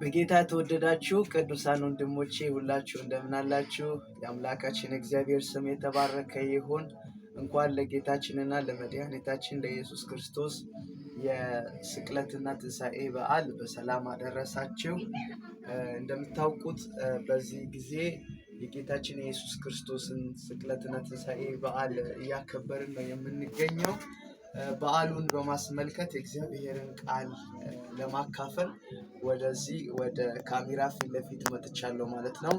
በጌታ የተወደዳችሁ ቅዱሳን ወንድሞቼ ሁላችሁ እንደምን አላችሁ? የአምላካችን እግዚአብሔር ስም የተባረከ ይሁን። እንኳን ለጌታችንና ለመድኃኒታችን ለኢየሱስ ክርስቶስ የስቅለትና ትንሣኤ በዓል በሰላም አደረሳችሁ። እንደምታውቁት በዚህ ጊዜ የጌታችን የኢየሱስ ክርስቶስን ስቅለትና ትንሣኤ በዓል እያከበርን ነው የምንገኘው። በዓሉን በማስመልከት የእግዚአብሔርን ቃል ለማካፈል ወደዚህ ወደ ካሜራ ፊት ለፊት መጥቻለሁ ማለት ነው።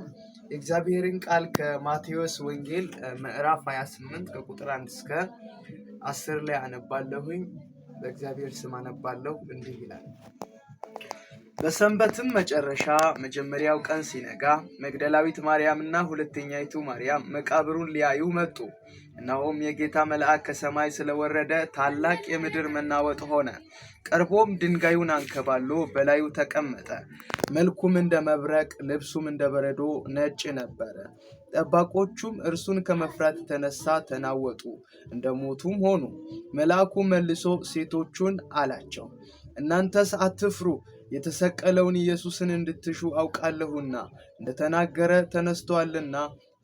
የእግዚአብሔርን ቃል ከማቴዎስ ወንጌል ምዕራፍ 28 ከቁጥር 1 እስከ 10 ላይ አነባለሁኝ። በእግዚአብሔር ስም አነባለሁ። እንዲህ ይላል በሰንበትም መጨረሻ መጀመሪያው ቀን ሲነጋ መግደላዊት ማርያምና ሁለተኛይቱ ማርያም መቃብሩን ሊያዩ መጡ። እነሆም የጌታ መልአክ ከሰማይ ስለወረደ ታላቅ የምድር መናወጥ ሆነ። ቀርቦም ድንጋዩን አንከባሎ በላዩ ተቀመጠ። መልኩም እንደ መብረቅ፣ ልብሱም እንደ በረዶ ነጭ ነበረ። ጠባቆቹም እርሱን ከመፍራት የተነሳ ተናወጡ፣ እንደ ሞቱም ሆኑ። መልአኩ መልሶ ሴቶቹን አላቸው፣ እናንተስ አትፍሩ የተሰቀለውን ኢየሱስን እንድትሹ አውቃለሁና እንደተናገረ ተነስቶአልና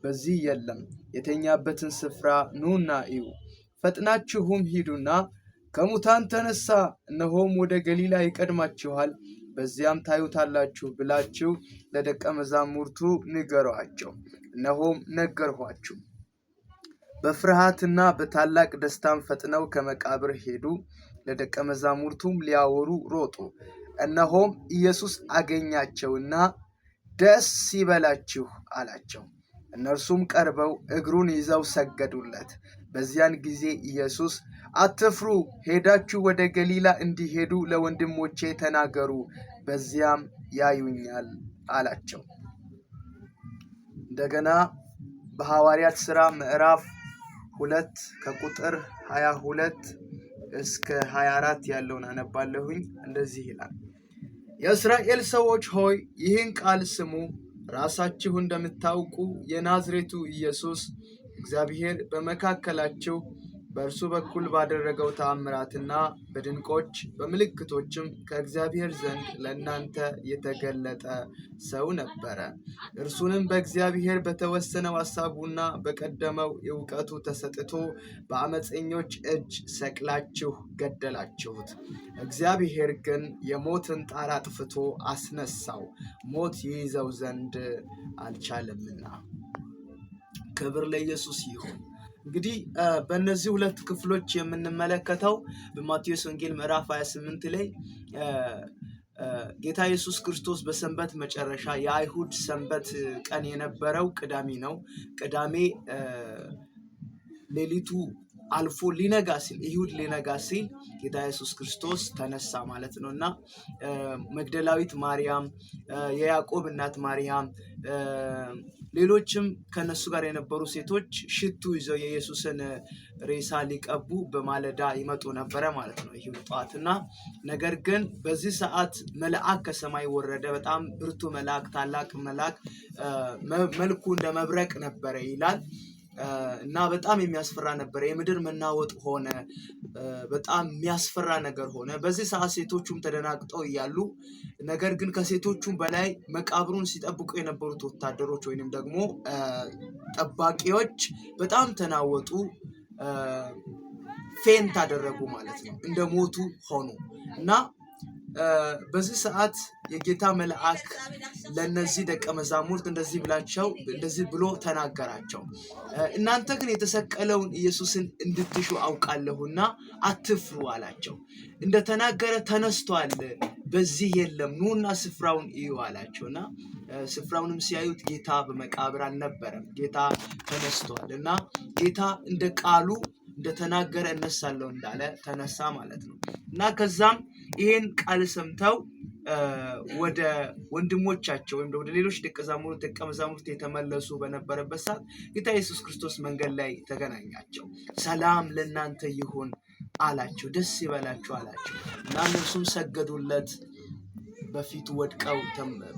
በዚህ የለም። የተኛበትን ስፍራ ኑና እዩ። ፈጥናችሁም ሂዱና ከሙታን ተነሳ፣ እነሆም ወደ ገሊላ ይቀድማችኋል፣ በዚያም ታዩታላችሁ ብላችሁ ለደቀ መዛሙርቱ ንገሯቸው። እነሆም ነገርኋችሁ። በፍርሃትና በታላቅ ደስታም ፈጥነው ከመቃብር ሄዱ፣ ለደቀ መዛሙርቱም ሊያወሩ ሮጡ። እነሆም ኢየሱስ አገኛቸውና ደስ ይበላችሁ አላቸው። እነርሱም ቀርበው እግሩን ይዘው ሰገዱለት። በዚያን ጊዜ ኢየሱስ አትፍሩ፣ ሄዳችሁ ወደ ገሊላ እንዲሄዱ ለወንድሞቼ ተናገሩ፣ በዚያም ያዩኛል አላቸው። እንደገና በሐዋርያት ሥራ ምዕራፍ ሁለት ከቁጥር 22 እስከ 24 ያለውን አነባለሁኝ። እንደዚህ ይላል፣ የእስራኤል ሰዎች ሆይ ይህን ቃል ስሙ። ራሳችሁ እንደምታውቁ የናዝሬቱ ኢየሱስ እግዚአብሔር በመካከላችሁ በእርሱ በኩል ባደረገው ተአምራትና በድንቆች በምልክቶችም ከእግዚአብሔር ዘንድ ለእናንተ የተገለጠ ሰው ነበረ። እርሱንም በእግዚአብሔር በተወሰነው ሐሳቡና በቀደመው እውቀቱ ተሰጥቶ በአመፀኞች እጅ ሰቅላችሁ ገደላችሁት። እግዚአብሔር ግን የሞትን ጣር አጥፍቶ አስነሳው፣ ሞት ይይዘው ዘንድ አልቻለምና። ክብር ለኢየሱስ ይሁን። እንግዲህ በእነዚህ ሁለት ክፍሎች የምንመለከተው በማቴዎስ ወንጌል ምዕራፍ 28 ላይ ጌታ ኢየሱስ ክርስቶስ በሰንበት መጨረሻ የአይሁድ ሰንበት ቀን የነበረው ቅዳሜ ነው። ቅዳሜ ሌሊቱ አልፎ ሊነጋ ሲል ይሁድ ሊነጋ ሲል ጌታ ኢየሱስ ክርስቶስ ተነሳ ማለት ነው እና መግደላዊት ማርያም፣ የያዕቆብ እናት ማርያም፣ ሌሎችም ከነሱ ጋር የነበሩ ሴቶች ሽቱ ይዘው የኢየሱስን ሬሳ ሊቀቡ በማለዳ ይመጡ ነበረ ማለት ነው ይሁድ ጠዋት እና ነገር ግን በዚህ ሰዓት መልአክ ከሰማይ ወረደ። በጣም ብርቱ መልአክ፣ ታላቅ መልአክ መልኩ እንደ መብረቅ ነበረ ይላል። እና በጣም የሚያስፈራ ነበረ። የምድር መናወጥ ሆነ። በጣም የሚያስፈራ ነገር ሆነ። በዚህ ሰዓት ሴቶቹም ተደናግጠው እያሉ ነገር ግን ከሴቶቹም በላይ መቃብሩን ሲጠብቁ የነበሩት ወታደሮች ወይንም ደግሞ ጠባቂዎች በጣም ተናወጡ፣ ፌንት አደረጉ ማለት ነው። እንደ ሞቱ ሆኑ እና በዚህ ሰዓት የጌታ መልአክ ለነዚህ ደቀ መዛሙርት እንደዚህ ብላቸው እንደዚህ ብሎ ተናገራቸው። እናንተ ግን የተሰቀለውን ኢየሱስን እንድትሹ አውቃለሁና አትፍሩ አላቸው። እንደተናገረ ተነስቷል፣ በዚህ የለም፣ ኑና ስፍራውን እዩ አላቸውና ስፍራውንም ሲያዩት ጌታ በመቃብር አልነበረም፣ ጌታ ተነስቷል እና ጌታ እንደ ቃሉ እንደተናገረ እነሳለሁ እንዳለ ተነሳ ማለት ነው እና ከዛም ይህን ቃል ሰምተው ወደ ወንድሞቻቸው ወይም ወደ ሌሎች ደቀ መዛሙርት የተመለሱ በነበረበት ሰዓት ጌታ ኢየሱስ ክርስቶስ መንገድ ላይ ተገናኛቸው። ሰላም ለእናንተ ይሁን አላቸው፣ ደስ ይበላችሁ አላቸው እና እነርሱም ሰገዱለት። በፊቱ ወድቀው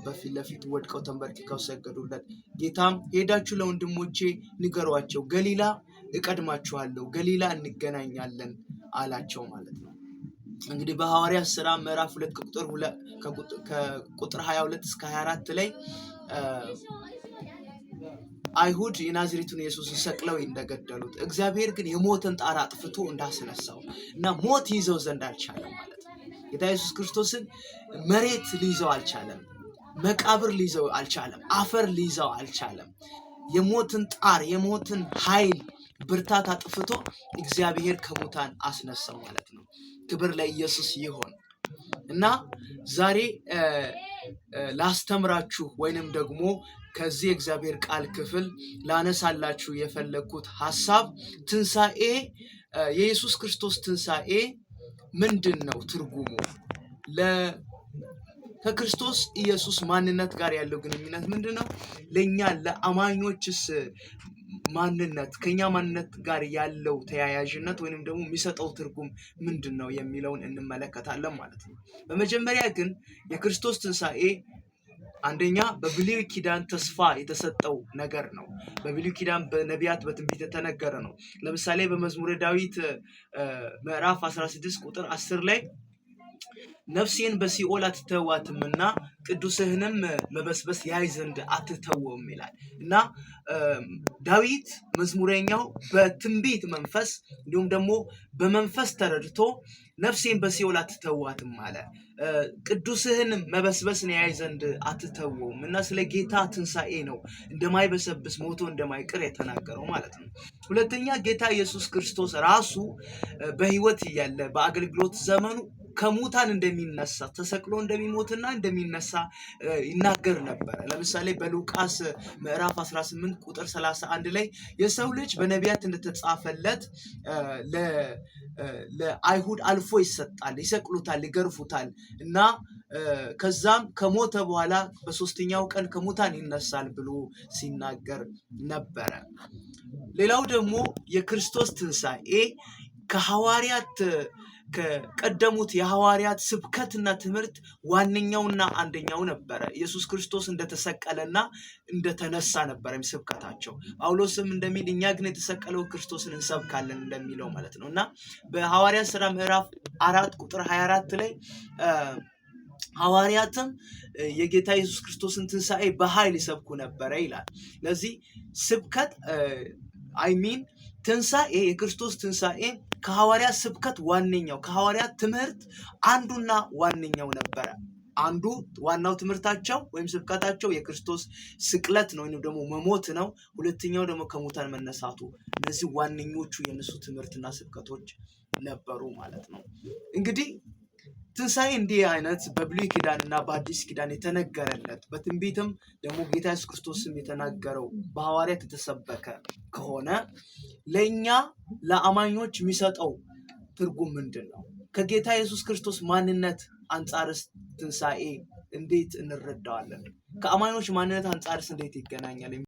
በፊት ለፊቱ ወድቀው ተንበርክከው ሰገዱለት። ጌታም ሄዳችሁ ለወንድሞቼ ንገሯቸው፣ ገሊላ እቀድማችኋለሁ፣ ገሊላ እንገናኛለን አላቸው ማለት ነው። እንግዲህ በሐዋርያት ስራ ምዕራፍ ሁለት ከቁጥር 22 እስከ 24 ላይ አይሁድ የናዝሬቱን ኢየሱስን ሰቅለው እንደገደሉት እግዚአብሔር ግን የሞትን ጣር አጥፍቶ እንዳስነሳው እና ሞት ይዘው ዘንድ አልቻለም ማለት ነው። ጌታ ኢየሱስ ክርስቶስን መሬት ሊይዘው አልቻለም። መቃብር ሊይዘው አልቻለም። አፈር ሊይዘው አልቻለም። የሞትን ጣር የሞትን ኃይል ብርታት አጥፍቶ እግዚአብሔር ከሙታን አስነሳው ማለት ነው። ክብር ለኢየሱስ ይሆን እና ዛሬ ላስተምራችሁ ወይንም ደግሞ ከዚህ የእግዚአብሔር ቃል ክፍል ላነሳላችሁ የፈለግኩት ሀሳብ ትንሣኤ የኢየሱስ ክርስቶስ ትንሣኤ ምንድን ነው ትርጉሙ? ከክርስቶስ ኢየሱስ ማንነት ጋር ያለው ግንኙነት ምንድን ነው? ለእኛ ለአማኞችስ ማንነት ከኛ ማንነት ጋር ያለው ተያያዥነት ወይንም ደግሞ የሚሰጠው ትርጉም ምንድን ነው የሚለውን እንመለከታለን ማለት ነው። በመጀመሪያ ግን የክርስቶስ ትንሣኤ አንደኛ በብሉይ ኪዳን ተስፋ የተሰጠው ነገር ነው። በብሉይ ኪዳን በነቢያት በትንቢት የተነገረ ነው። ለምሳሌ በመዝሙረ ዳዊት ምዕራፍ 16 ቁጥር 10 ላይ ነፍሴን በሲኦል አትተዋትምና ቅዱስህንም መበስበስ ያይ ዘንድ አትተወውም ይላል እና ዳዊት መዝሙረኛው በትንቢት መንፈስ እንዲሁም ደግሞ በመንፈስ ተረድቶ ነፍሴን በሲኦል አትተዋትም አለ። ቅዱስህን መበስበስን ያይ ዘንድ አትተውም እና ስለ ጌታ ትንሣኤ ነው እንደማይበሰብስ ሞቶ እንደማይቅር የተናገረው ማለት ነው። ሁለተኛ ጌታ ኢየሱስ ክርስቶስ ራሱ በሕይወት እያለ በአገልግሎት ዘመኑ ከሙታን እንደሚነሳ ተሰቅሎ እንደሚሞትና እንደሚነሳ ይናገር ነበረ። ለምሳሌ በሉቃስ ምዕራፍ 18 ቁጥር 31 ላይ የሰው ልጅ በነቢያት እንደተጻፈለት ለአይሁድ አልፎ ይሰጣል፣ ይሰቅሉታል፣ ይገርፉታል እና ከዛም ከሞተ በኋላ በሶስተኛው ቀን ከሙታን ይነሳል ብሎ ሲናገር ነበረ። ሌላው ደግሞ የክርስቶስ ትንሣኤ ከሐዋርያት ከቀደሙት የሐዋርያት ስብከትና ትምህርት ዋነኛውና አንደኛው ነበረ። ኢየሱስ ክርስቶስ እንደተሰቀለና እንደተነሳ ነበረ ስብከታቸው። ጳውሎስም እንደሚል እኛ ግን የተሰቀለው ክርስቶስን እንሰብካለን እንደሚለው ማለት ነው እና በሐዋርያት ስራ ምዕራፍ አራት ቁጥር 24 ላይ ሐዋርያትም የጌታ ኢየሱስ ክርስቶስን ትንሣኤ በኃይል ይሰብኩ ነበረ ይላል። ለዚህ ስብከት አይሚን ትንሣኤ የክርስቶስ ትንሣኤ ከሐዋርያ ስብከት ዋነኛው ከሐዋርያ ትምህርት አንዱና ዋነኛው ነበረ። አንዱ ዋናው ትምህርታቸው ወይም ስብከታቸው የክርስቶስ ስቅለት ነው ወይም ደግሞ መሞት ነው። ሁለተኛው ደግሞ ከሙታን መነሳቱ። እነዚህ ዋነኞቹ የእነሱ ትምህርትና ስብከቶች ነበሩ ማለት ነው እንግዲህ ትንሣኤ እንዲህ አይነት በብሉይ ኪዳንና በአዲስ ኪዳን የተነገረለት በትንቢትም ደግሞ ጌታ ኢየሱስ ክርስቶስም የተናገረው በሐዋርያት የተሰበከ ከሆነ ለእኛ ለአማኞች የሚሰጠው ትርጉም ምንድን ነው? ከጌታ ኢየሱስ ክርስቶስ ማንነት አንጻርስ ትንሣኤ እንዴት እንረዳዋለን? ከአማኞች ማንነት አንጻርስ እንዴት ይገናኛል?